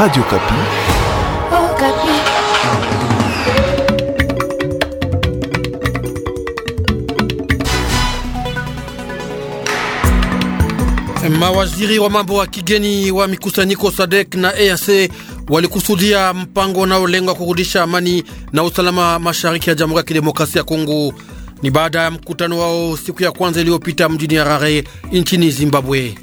Radio Kapi. Oh, Kapi. Mawaziri wa mambo wa kigeni wa mikusanyiko SADC na EAC walikusudia mpango unaolengwa kurudisha amani na usalama mashariki ya Jamhuri ya Kidemokrasia ya Kongo. Ni baada ya mkutano wao siku ya kwanza iliyopita mjini Harare nchini Zimbabwe.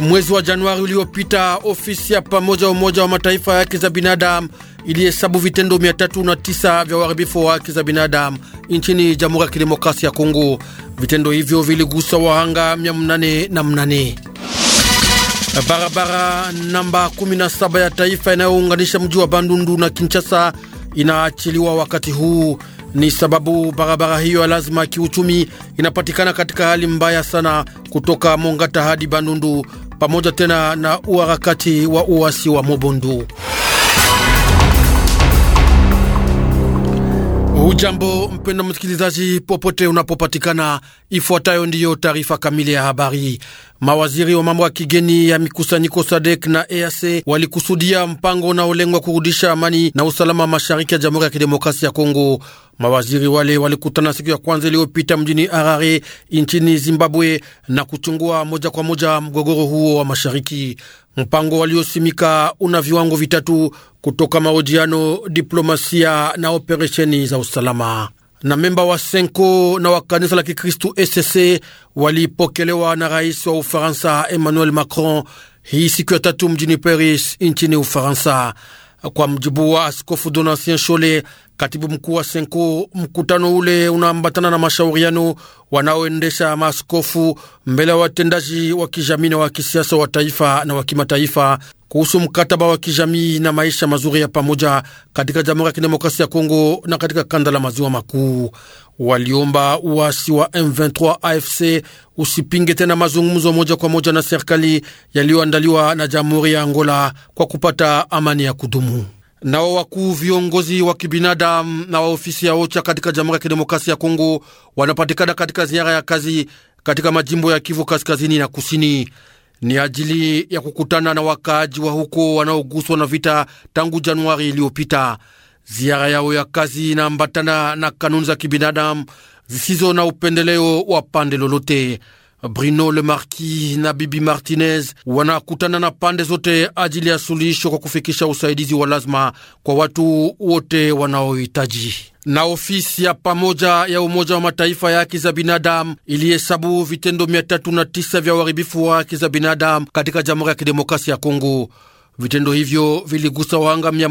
Mwezi wa Januari uliopita ofisi ya pamoja Umoja wa Mataifa ya haki za binadamu ilihesabu vitendo 309 vya uharibifu wa haki za binadamu nchini Jamhuri ya Kidemokrasia ya Kongo. Vitendo hivyo viligusa wahanga 808. Barabara namba 17 ya taifa inayounganisha mji wa Bandundu na Kinshasa inaachiliwa wakati huu. Ni sababu barabara hiyo ya lazima kiuchumi inapatikana katika hali mbaya sana kutoka Mongata hadi Bandundu pamoja tena na uharakati wa uasi wa Mobondu. Ujambo mpenda msikilizaji, popote unapopatikana, ifuatayo ndiyo taarifa kamili ya habari. Mawaziri wa mambo ya kigeni ya mikusanyiko SADEK na EAC walikusudia mpango unaolengwa kurudisha amani na usalama mashariki ya Jamhuri ya Kidemokrasia ya Kongo. Mawaziri wale walikutana siku ya kwanza iliyopita mjini Harare nchini Zimbabwe na kuchungua moja kwa moja mgogoro huo wa mashariki. Mpango waliosimika una viwango vitatu kutoka mahojiano, diplomasia na operesheni za usalama na memba wa Senko na wa kanisa la Kikristu ECC walipokelewa na rais wa Ufaransa Emmanuel Macron hii siku ya tatu mjini Paris nchini Ufaransa. Kwa mjibu wa askofu Donatien Chole, Katibu mkuu wa Senko, mkutano ule unaambatana na mashauriano wanaoendesha maaskofu mbele ya watendaji wa kijamii na wa kisiasa wa taifa na wa kimataifa kuhusu mkataba wa kijamii na maisha mazuri ya pamoja katika Jamhuri ya Kidemokrasia ya Kongo na katika kanda la maziwa makuu. Waliomba uasi wa M23 AFC usipinge tena mazungumzo moja kwa moja na serikali yaliyoandaliwa na Jamhuri ya Angola kwa kupata amani ya kudumu. Nao wakuu viongozi wa kibinadamu na wa ofisi ya OCHA katika Jamhuri ya Kidemokrasia ya Kongo wanapatikana katika ziara ya kazi katika majimbo ya Kivu kaskazini na kusini, ni ajili ya kukutana na wakaaji wa huko wanaoguswa na vita tangu Januari iliyopita. Ziara yao ya kazi inaambatana na kanuni za kibinadamu zisizo na upendeleo wa pande lolote. Bruno Le Marquis na Bibi Martinez wanakutana na pande zote ajili ya suluhisho kwa kufikisha usaidizi wa lazima kwa watu wote wanaohitaji. Na ofisi ya pamoja ya Umoja wa Mataifa ya haki za binadamu ilihesabu vitendo 309 vya uharibifu wa haki za binadamu katika Jamhuri ya Kidemokrasia ya Kongo. Vitendo hivyo viligusa wahanga mia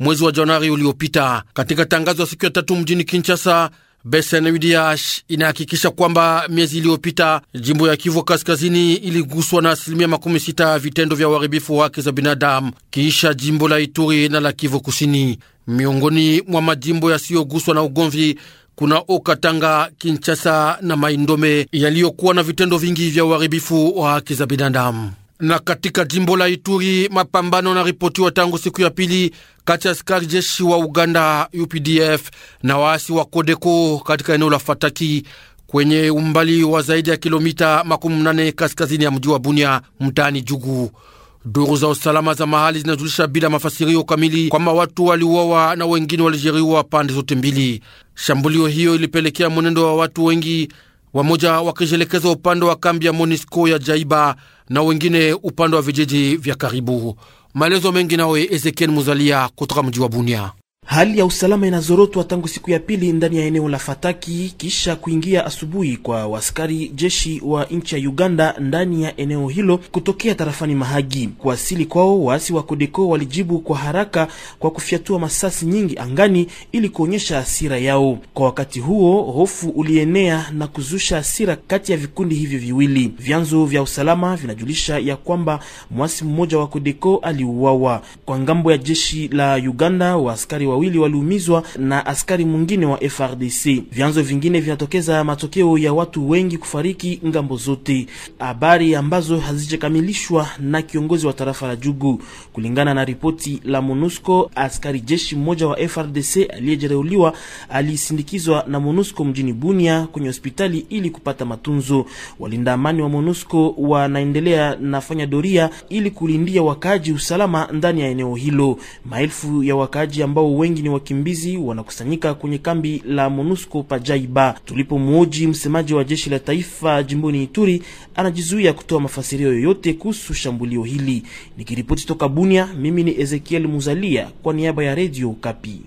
mwezi wa Januari uliopita. Katika tangazo ya siku ya tatu mjini Kinshasa, Besenwidiash inahakikisha kwamba miezi iliyopita jimbo ya Kivu Kaskazini iliguswa na asilimia makumi sita ya vitendo vya uharibifu wa haki za binadamu kiisha jimbo la Ituri na la Kivu Kusini. Miongoni mwa majimbo yasiyoguswa na ugomvi kuna Okatanga, Kinshasa na Maindome yaliyokuwa na vitendo vingi vya uharibifu wa haki za binadamu. Na katika jimbo la Ituri mapambano na ripotiwa tangu siku ya pili kati ya askari jeshi wa Uganda UPDF na waasi wa Kodeko katika eneo la Fataki kwenye umbali wa zaidi ya kilomita makumi nane kaskazini ya mji wa Bunia mtaani Jugu. Duru za usalama za mahali zinajulisha bila mafasirio kamili kwamba watu waliuawa na wengine walijeruhiwa pande zote mbili. Shambulio hiyo ilipelekea mwenendo wa watu wengi, wamoja wakijielekeza upande wa kambi ya monisco ya Jaiba na wengine upande wa vijiji vya karibu. Maelezo mengi nawe Ezekiel Muzalia kutoka mji wa Bunia. Hali ya usalama inazorotwa tangu siku ya pili ndani ya eneo la Fataki kisha kuingia asubuhi kwa waskari jeshi wa nchi ya Uganda ndani ya eneo hilo kutokea tarafani Mahagi. Kuwasili kwao, waasi wa Kodeko walijibu kwa haraka kwa kufyatua masasi nyingi angani ili kuonyesha hasira yao. Kwa wakati huo, hofu ulienea na kuzusha hasira kati ya vikundi hivyo viwili. Vyanzo vya usalama vinajulisha ya kwamba mwasi mmoja wa Kodeko aliuawa. Kwa ngambo ya jeshi la Uganda, waaskari wa wawili waliumizwa na askari mwingine wa FRDC. Vyanzo vingine vinatokeza matokeo ya watu wengi kufariki ngambo zote, habari ambazo hazijakamilishwa na kiongozi wa tarafa la Jugu. Kulingana na ripoti la MONUSCO, askari jeshi mmoja wa FRDC aliyejeruhiwa alisindikizwa na MONUSCO mjini Bunia kwenye hospitali ili kupata matunzo. Walinda amani wa MONUSCO wanaendelea nafanya doria ili kulindia wakaaji usalama ndani ya eneo hilo. Maelfu ya wakaaji ambao wengi ni wakimbizi wanakusanyika kwenye kambi la MONUSCO Pajaiba. mwoji msemaji wa jeshi la taifa jimboni Ituri, anajizuia kutoa mafasirio yoyote kuhusu shambulio hili. Nikiripoti toka Bunia, mimi ni Ezekiel Muzalia kwa niaba ya Radio Kapi.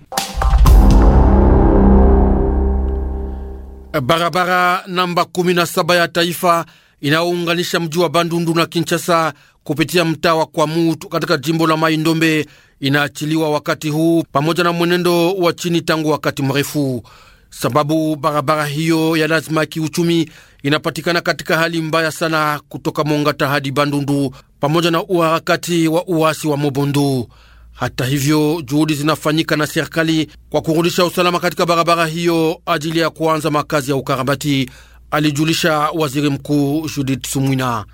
Barabara namba 17 ya taifa inaounganisha mji wa Bandundu na Kinshasa kupitia mtaa wa Kwamutu katika jimbo la Mai Ndombe inaachiliwa wakati huu pamoja na mwenendo wa chini tangu wakati mrefu, sababu barabara hiyo ya lazima ya kiuchumi inapatikana katika hali mbaya sana kutoka Mongata hadi Bandundu pamoja na uharakati wa uasi wa Mobondu. Hata hivyo juhudi zinafanyika na serikali kwa kurudisha usalama katika barabara hiyo ajili ya kuanza makazi ya ukarabati, alijulisha waziri mkuu Judith Sumwina.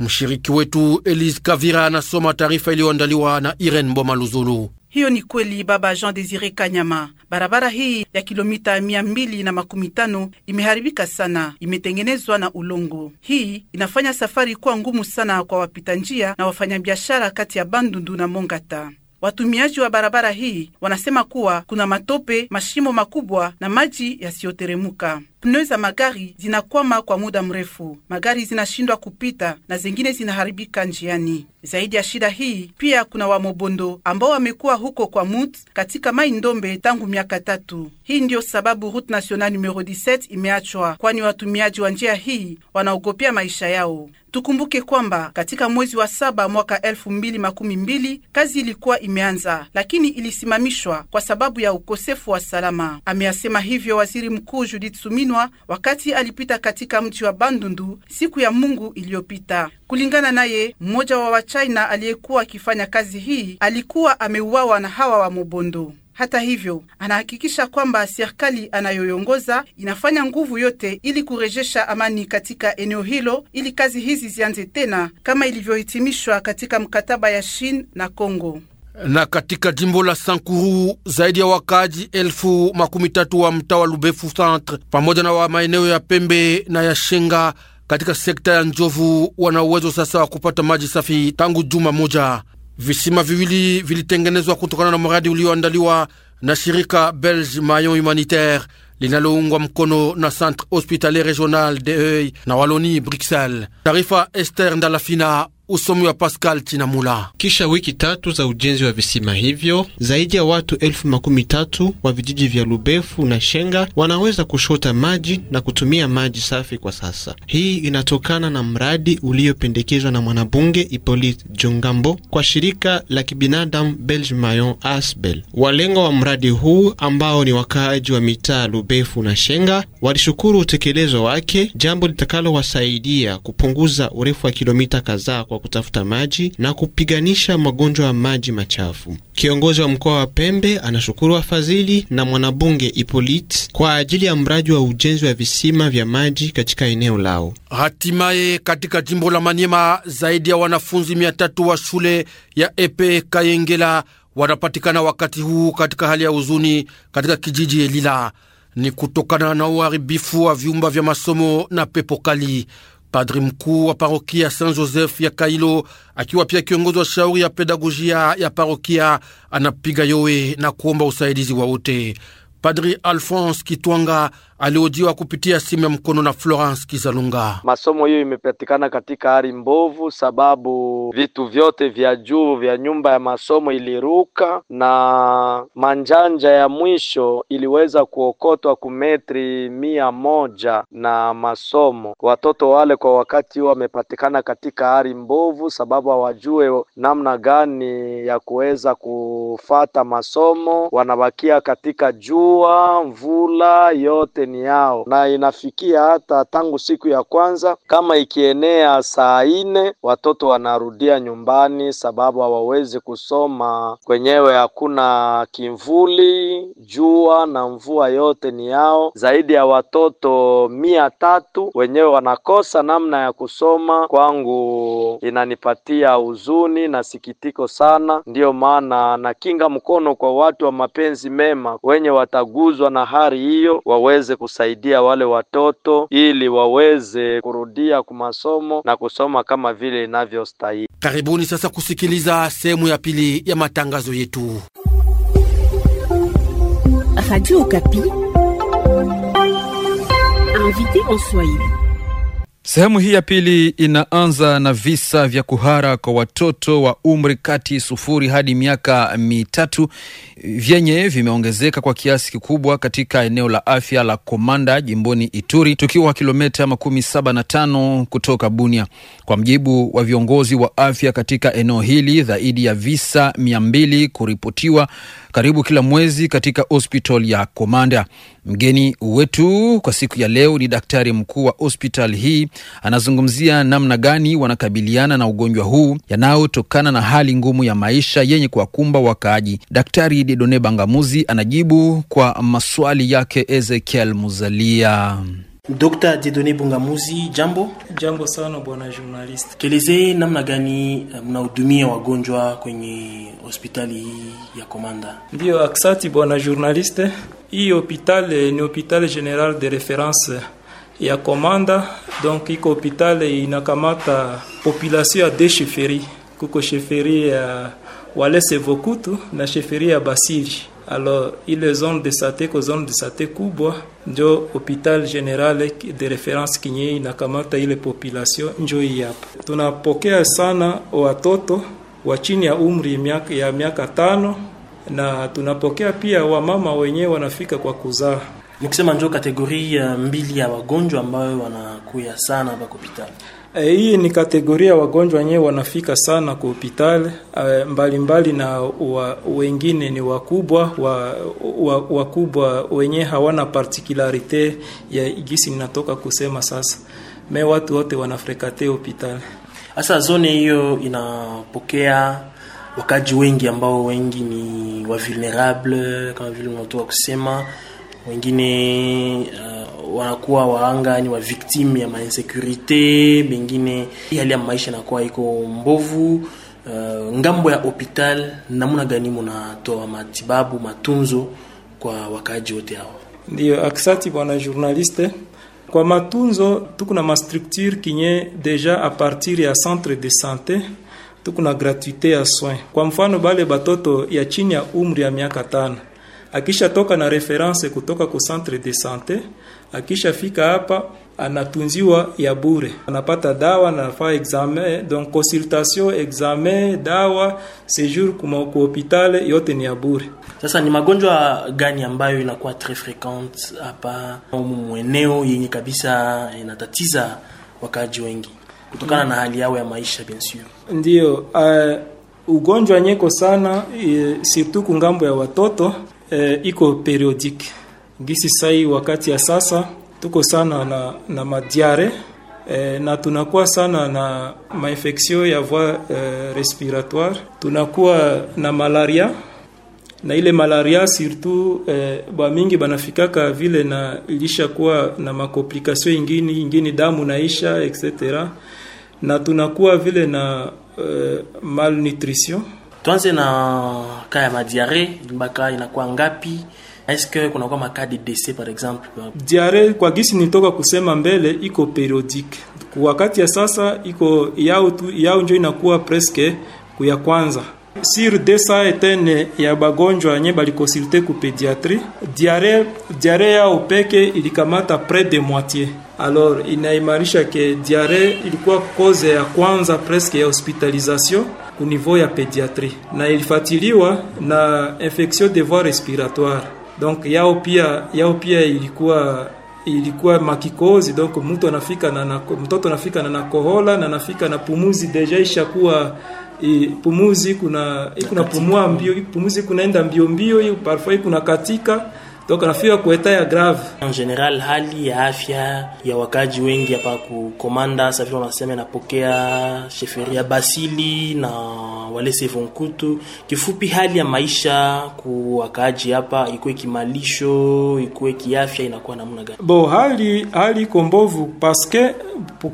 Mshiriki wetu Elise Kavira anasoma taarifa iliyoandaliwa na Irene Mboma Luzulu. Hiyo ni kweli baba Jean Desire Kanyama. Barabara hii ya kilomita mia mbili na makumi tano imeharibika sana, imetengenezwa na ulongo. Hii inafanya safari kuwa ngumu sana kwa wapita njia na wafanyabiashara kati ya Bandundu na Mongata. Watumiaji wa barabara hii wanasema kuwa kuna matope, mashimo makubwa na maji yasiyoteremuka. Pneu za magari zinakwama kwa muda mrefu, magari zinashindwa kupita na zengine zinaharibika njiani. Zaidi ya shida hii, pia kuna Wamobondo ambao wamekuwa huko kwa Mut katika Mai Ndombe tangu miaka tatu. Hii ndiyo sababu Route Nationale numero 17 imeachwa, kwani watumiaji wa njia hii wanaogopea maisha yao. Tukumbuke kwamba katika mwezi wa saba mwaka elfu mbili makumi mbili kazi ilikuwa imeanza, lakini ilisimamishwa kwa sababu ya ukosefu wa salama. Ameyasema hivyo waziri mkuu Judith Suminwa wakati alipita katika mji wa Bandundu siku ya Mungu iliyopita. Kulingana naye, mmoja wa Wachina aliyekuwa akifanya kazi hii alikuwa ameuawa na hawa wa Mobondo. Hata hivyo, anahakikisha kwamba serikali anayoiongoza inafanya nguvu yote ili kurejesha amani katika eneo hilo ili kazi hizi zianze tena kama ilivyohitimishwa katika mkataba ya Shin na Kongo na katika jimbo la Sankuru zaidi ya wakaaji elfu makumi tatu wa mtaa wa Lubefu centre pamoja na wa maeneo ya Pembe na ya Shenga katika sekta ya Njovu wana uwezo sasa wa kupata maji safi tangu juma moja. Visima viwili vilitengenezwa kutokana na mradi ulioandaliwa na shirika Belge Mayon Humanitaire linaloungwa mkono na Centre Hospitalier Regional de Heuil na Waloni Bruxelles. Taarifa Esther Ndalafina usomi wa Pascal Chinamula. Kisha wiki tatu za ujenzi wa visima hivyo, zaidi ya watu elfu makumi tatu wa vijiji vya Lubefu na Shenga wanaweza kushota maji na kutumia maji safi kwa sasa. Hii inatokana na mradi uliopendekezwa na mwanabunge Hippolyte Jongambo kwa shirika la kibinadamu Belge Mayon Asbel. Walengwa wa mradi huu ambao ni wakaaji wa mitaa Lubefu na Shenga walishukuru utekelezo wake, jambo litakalowasaidia kupunguza urefu wa kilomita kadhaa kwa kwa kutafuta maji na kupiganisha magonjwa ya maji machafu. Kiongozi wa mkoa wa Pembe anashukuru wafadhili na mwanabunge Ipolit kwa ajili ya mradi wa ujenzi wa visima vya maji katika eneo lao. Hatimaye katika jimbo la Manyema, zaidi ya wanafunzi mia tatu wa shule ya Epe Kayengela wanapatikana wakati huu katika hali ya huzuni katika kijiji Elila. Ni kutokana na uharibifu wa vyumba vya masomo na pepo kali. Padri mkuu wa parokia San Joseph ya Kailo, akiwa pia kiongozi wa shauri ya pedagojia ya parokia, anapiga yowe na kuomba usaidizi wa wote. Padri Alphonse Kitwanga aliojiwa kupitia simu ya mkono na Florence Kizalunga. Masomo hiyo imepatikana katika hali mbovu, sababu vitu vyote vya juu vya nyumba ya masomo iliruka na manjanja ya mwisho iliweza kuokotwa kumetri mia moja na masomo. Watoto wale kwa wakati huo wamepatikana katika hali mbovu, sababu hawajue namna gani ya kuweza kufata masomo, wanabakia katika jua, mvula yote stesheni yao, na inafikia hata tangu siku ya kwanza kama ikienea saa nne watoto wanarudia nyumbani, sababu hawawezi kusoma kwenyewe, hakuna kimvuli, jua na mvua yote ni yao. Zaidi ya watoto mia tatu wenyewe wanakosa namna ya kusoma. Kwangu inanipatia huzuni na sikitiko sana, ndiyo maana nakinga mkono kwa watu wa mapenzi mema wenye wataguzwa na hali hiyo waweze kusaidia wale watoto ili waweze kurudia kwa masomo na kusoma kama vile inavyostahili. Karibuni sasa kusikiliza sehemu ya pili ya matangazo yetu. Radio Okapi, invité en Swahili. Sehemu hii ya pili inaanza na visa vya kuhara kwa watoto wa umri kati sufuri hadi miaka mitatu vyenye vimeongezeka kwa kiasi kikubwa katika eneo la afya la Komanda jimboni Ituri, tukiwa kilometa makumi saba na tano kutoka Bunia. Kwa mjibu wa viongozi wa afya katika eneo hili, zaidi ya visa mia mbili kuripotiwa karibu kila mwezi katika hospitali ya Komanda. Mgeni wetu kwa siku ya leo ni daktari mkuu wa hospitali hii. Anazungumzia namna gani wanakabiliana na ugonjwa huu yanayotokana na hali ngumu ya maisha yenye kuwakumba wakaaji. Daktari Dedone Bangamuzi anajibu kwa maswali yake Ezekiel Muzalia. Dr. dedone Bungamuzi, jambo. Jambo sana bwana journalist. Kelezee namna gani eh, mnahudumia wagonjwa kwenye hospitali hii ya Komanda? Ndio, aksati bwana journaliste. Hii hospitali ni hospitali general de reference ya Komanda, donc iko hospitali inakamata population ya de sheferi, kuko sheferi ya Walese Vokutu na sheferi ya Basiri. Alors ile zone de sate ko zone de sate kubwa njo hopital general de reference kinye inakamata ile population njo hii hapa. Tunapokea sana watoto wa chini ya umri ya miaka, ya miaka tano na tunapokea pia wamama wenyewe wanafika kwa kuzaa. nikusema njoo kategoria mbili ya wagonjwa ambayo wanakuya sana hapa hospitali. E, hii ni kategoria wagonjwa wenyewe wanafika sana kwa hospitali e, mbalimbali na wa, wengine ni wakubwa wa, wa, wakubwa wenyewe hawana particularite ya gisi ninatoka kusema sasa. Me watu wote wanafrekate hospitali. Sasa zone hiyo inapokea wakaji wengi ambao wengi ni wa vulnerable kama vile unatoka kusema wengine uh, wanakuwa waanga ni wa victim ya mainsekurite, mengine hali ya maisha inakuwa iko mbovu. Uh, ngambo ya hopital, namna gani munatoa matibabu matunzo kwa wakaaji wote hao? ndio aksati bwana journaliste, kwa matunzo tuko na mastructure kinye deja a partir ya centre de santé tuko na gratuite ya soin. Kwa mfano bale batoto ya chini ya umri ya miaka tano akisha toka na reference kutoka ku centre de sante, fika hapa anatunziwa ya bure, anapata dawa, anafaa examen, donc consultation, examen, dawa, séjour ku hopitale, yote ni ya bure. Sasa ni magonjwa gani ambayo inakuwa tres frequente hapa au mweneo yenye kabisa inatatiza wakaji wengi? kutokana mm. na hali yao ya maisha bien Ndio, uh, ugonjwa nyeko sana e, surtout kungambo ya watoto e, iko periodic gisi sai wakati ya sasa tuko sana na, na madiare e, na tunakuwa sana na mainfeksio ya voie uh, respiratoire, tunakuwa na malaria na ile malaria surtout eh, uh, bwa mingi banafikaka vile na ilishakuwa na makomplikasio ingini ingini damu naisha etc na tunakuwa vile na uh, malnutrition. Tuanze na ka ya madiare mpaka inakuwa ngapi? Eske kunakuwa maka de dese par exemple? Diare kwa gisi nitoka kusema mbele iko periodique, wakati ya sasa iko yao tu, yao njo inakuwa presque kuya kwanza Sur 201 ya bagonjwa wenye balikonsulte ku pédiatrie, diarrhée diarrhée yao peke ilikamata près de moitié. Alors inaimarisha ke diarrhée ilikuwa cause ya kwanza presque ya hospitalisation au niveau ya pédiatrie, na ilifatiliwa na infection de voie respiratoire. Donc yao pia yao pia ilikuwa ilikuwa makikozi, donc mtu anafika na, na mtoto anafika na nakohola na anafika na pumuzi deja ishakuwa E, pumuzi kuna e, kuna pumua mbio pumuzi kunaenda mbio mbio, parfois kuna katika Donc anafika eta ya grave. En general hali ya afya ya wakaji wengi hapa ku komanda sasa wanasema inapokea sheferia Basili na wale Sevonkutu. Kifupi hali ya maisha ku wakaji hapa ikuwe kimalisho, ikuwe kiafya inakuwa namna gani? Bo hali hali kombovu paske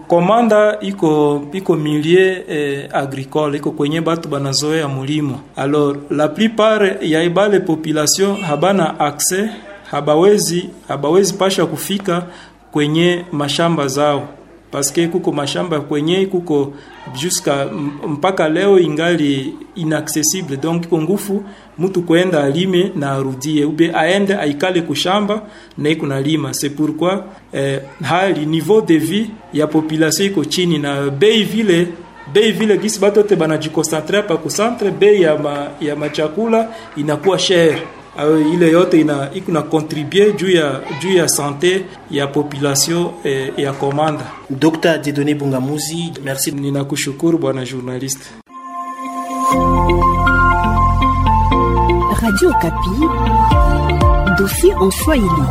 komanda iko iko milie eh, agricole iko kwenye batu banazoea mulimo. Alors la plupart ya ibale population habana accès habawezi habawezi pasha kufika kwenye mashamba zao paske kuko mashamba kwenye kuko jusqu'à mpaka leo ingali inaccessible donc iko ngufu mtu kwenda alime na arudie ube aende aikale kushamba na iko na lima c'est pourquoi eh, hali niveau de vie ya population iko chini na bei vile bei vile gisi batote banajikosantre pa kusantre bei ya, ma, ya machakula inakuwa share Euh, ile yote ina iko contribue juu ya euh, juu ya euh, sante ya population eh, ya komanda. Dr. Dieudonné Bungamuzi, merci. Ninakushukuru bwana journaliste. Radio Kapi, dofi en Swahili.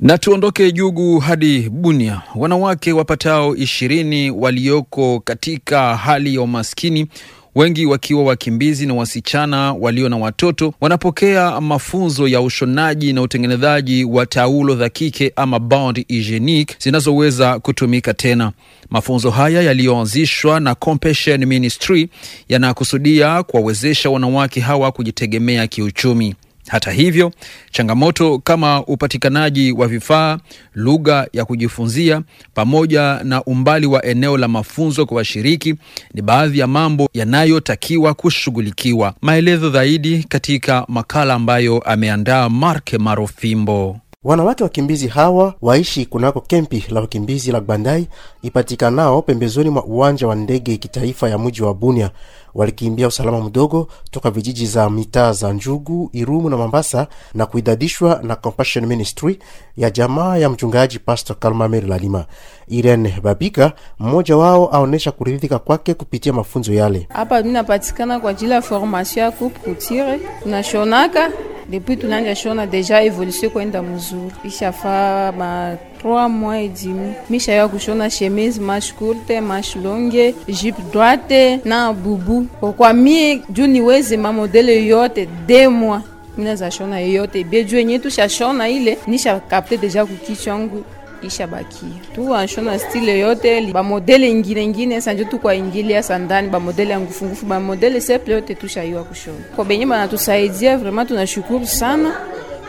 Na tuondoke Jugu hadi Bunia. Wanawake wapatao ishirini walioko katika hali ya umaskini wengi wakiwa wakimbizi na wasichana walio na watoto, wanapokea mafunzo ya ushonaji na utengenezaji wa taulo za kike ama bond hygienique zinazoweza kutumika tena. Mafunzo haya yaliyoanzishwa na Compassion Ministry yanakusudia kuwawezesha wanawake hawa kujitegemea kiuchumi. Hata hivyo, changamoto kama upatikanaji wa vifaa, lugha ya kujifunzia, pamoja na umbali wa eneo la mafunzo kwa washiriki ni baadhi ya mambo yanayotakiwa kushughulikiwa. Maelezo zaidi katika makala ambayo ameandaa Mark Marofimbo. Wanawake wakimbizi hawa waishi kunako kempi la wakimbizi la Gbandai ipatikanao pembezoni mwa uwanja wa ndege kitaifa ya mji wa Bunia walikimbia usalama mdogo toka vijiji za mitaa za Njugu, Irumu na Mambasa na kuidadishwa na Compassion Ministry ya jamaa ya mchungaji Pastor Kalmamer Lalima. Irene Babika, mmoja wao, aonesha kuridhika kwake kupitia mafunzo yale. Hapa minapatikana kwa ajili ya formation ya coupe kuputire, tunashonaka depuis tunanja shona deja evolution kwenda mzuri, ishafaa ma trois mois et demi misha kushona chemise mash courte mash longue jupe droite na bubu yangu kwa mie juu niweze mamodele yote demwa minazashona yoyote beju yenye tushashona ile nishakapte deja kukichwa yangu ishabaki tu anshona stile yote bamodele ingine ingine sanjo tu kwa ingilia sandani bamodele ya ngufungufu bamodele seple yote tushaiwa kushona kwa benye banatusaidia vraiment tunashukuru sana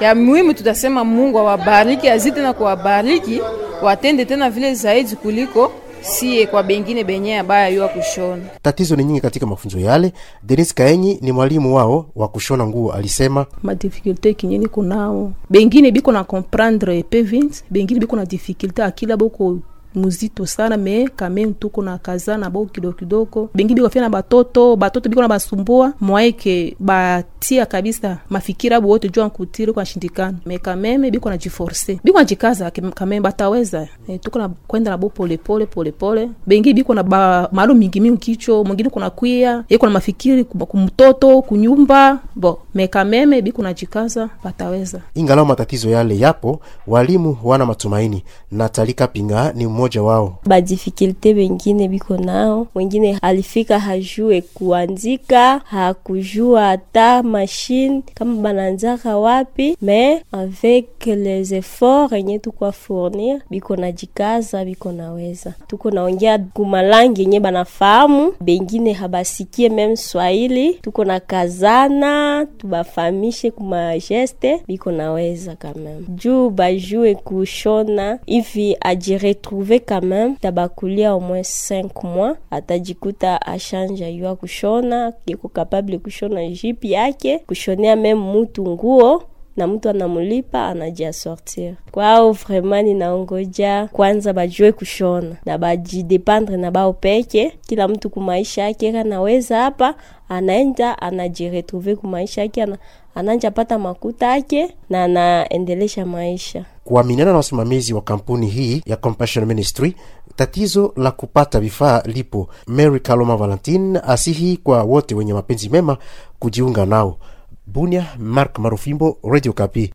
ya muhimu tutasema mungu awabariki azidi na kuwabariki watende tena vile zaidi kuliko sie kwa bengine benye abaya yua kushona. Tatizo ni nyingi katika mafunzo yale. Denis Kaenyi ni mwalimu wao wa kushona nguo, alisema madifikulte kinye niko nao, bengine biko na comprendre pevins, bengine biko na difikulte akila boko muzito sana me kame tuko na kaza na bo kidogo kidogo, bengi biko fia na batoto batoto biko na basumbua mwaeke batia kabisa mafikira abu wote jua nkutiri kwa shindikana me kame me biko na jiforce biko na jikaza kameme bataweza e, tuko na kwenda na bo pole pole pole pole bengi biko na ba maalum mingi mingi kicho mwingine kuna kuia iko na mafikiri kumtoto kunyumba bo me kame me biko na jikaza bataweza. Ingalao matatizo yale yapo, walimu wana matumaini na Talika Pinga ni mwe mmoja wao. Badifikulte bengine biko nao, mwingine alifika hajue kuandika, hakujua hata mashine kama bananzaka wapi, me avec les efforts enye tukwa fournir biko na jikaza, biko naweza. Tuko naongea kumalangi enye banafahamu, bengine habasikie meme Swahili, tuko na kazana, tubafahamishe kumageste biko naweza kameme juu bajue kushona hivi ajiretrouve ve quand même tabakulia au moins 5 mois, atajikuta ashanja yua kushona, yuko capable kushona jipi yake, kushonea meme mutu nguo na mtu anamulipa anajiasortir kwao. Vraiment ninaongoja kwanza bajue kushona na bajidependre na bao peke, kila mtu kumaisha yake. Kanaweza hapa anaenda anajiretrouve kumaisha yake, ananja pata makuta yake na anaendelesha maisha. kuaminana na wasimamizi wa kampuni hii ya Compassion Ministry, tatizo la kupata vifaa lipo. Mary Kaloma Valentine asihi kwa wote wenye mapenzi mema kujiunga nao. Bunia, Mark Marufimbo, Radio Kapi.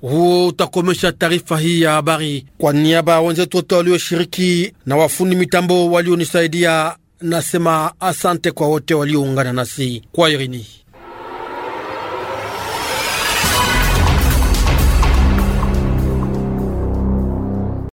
Huo utakomesha taarifa hii ya habari kwa niaba ya wenzetu wote walioshiriki na wafundi mitambo walionisaidia, nasema asante kwa wote walioungana nasi kwa irini.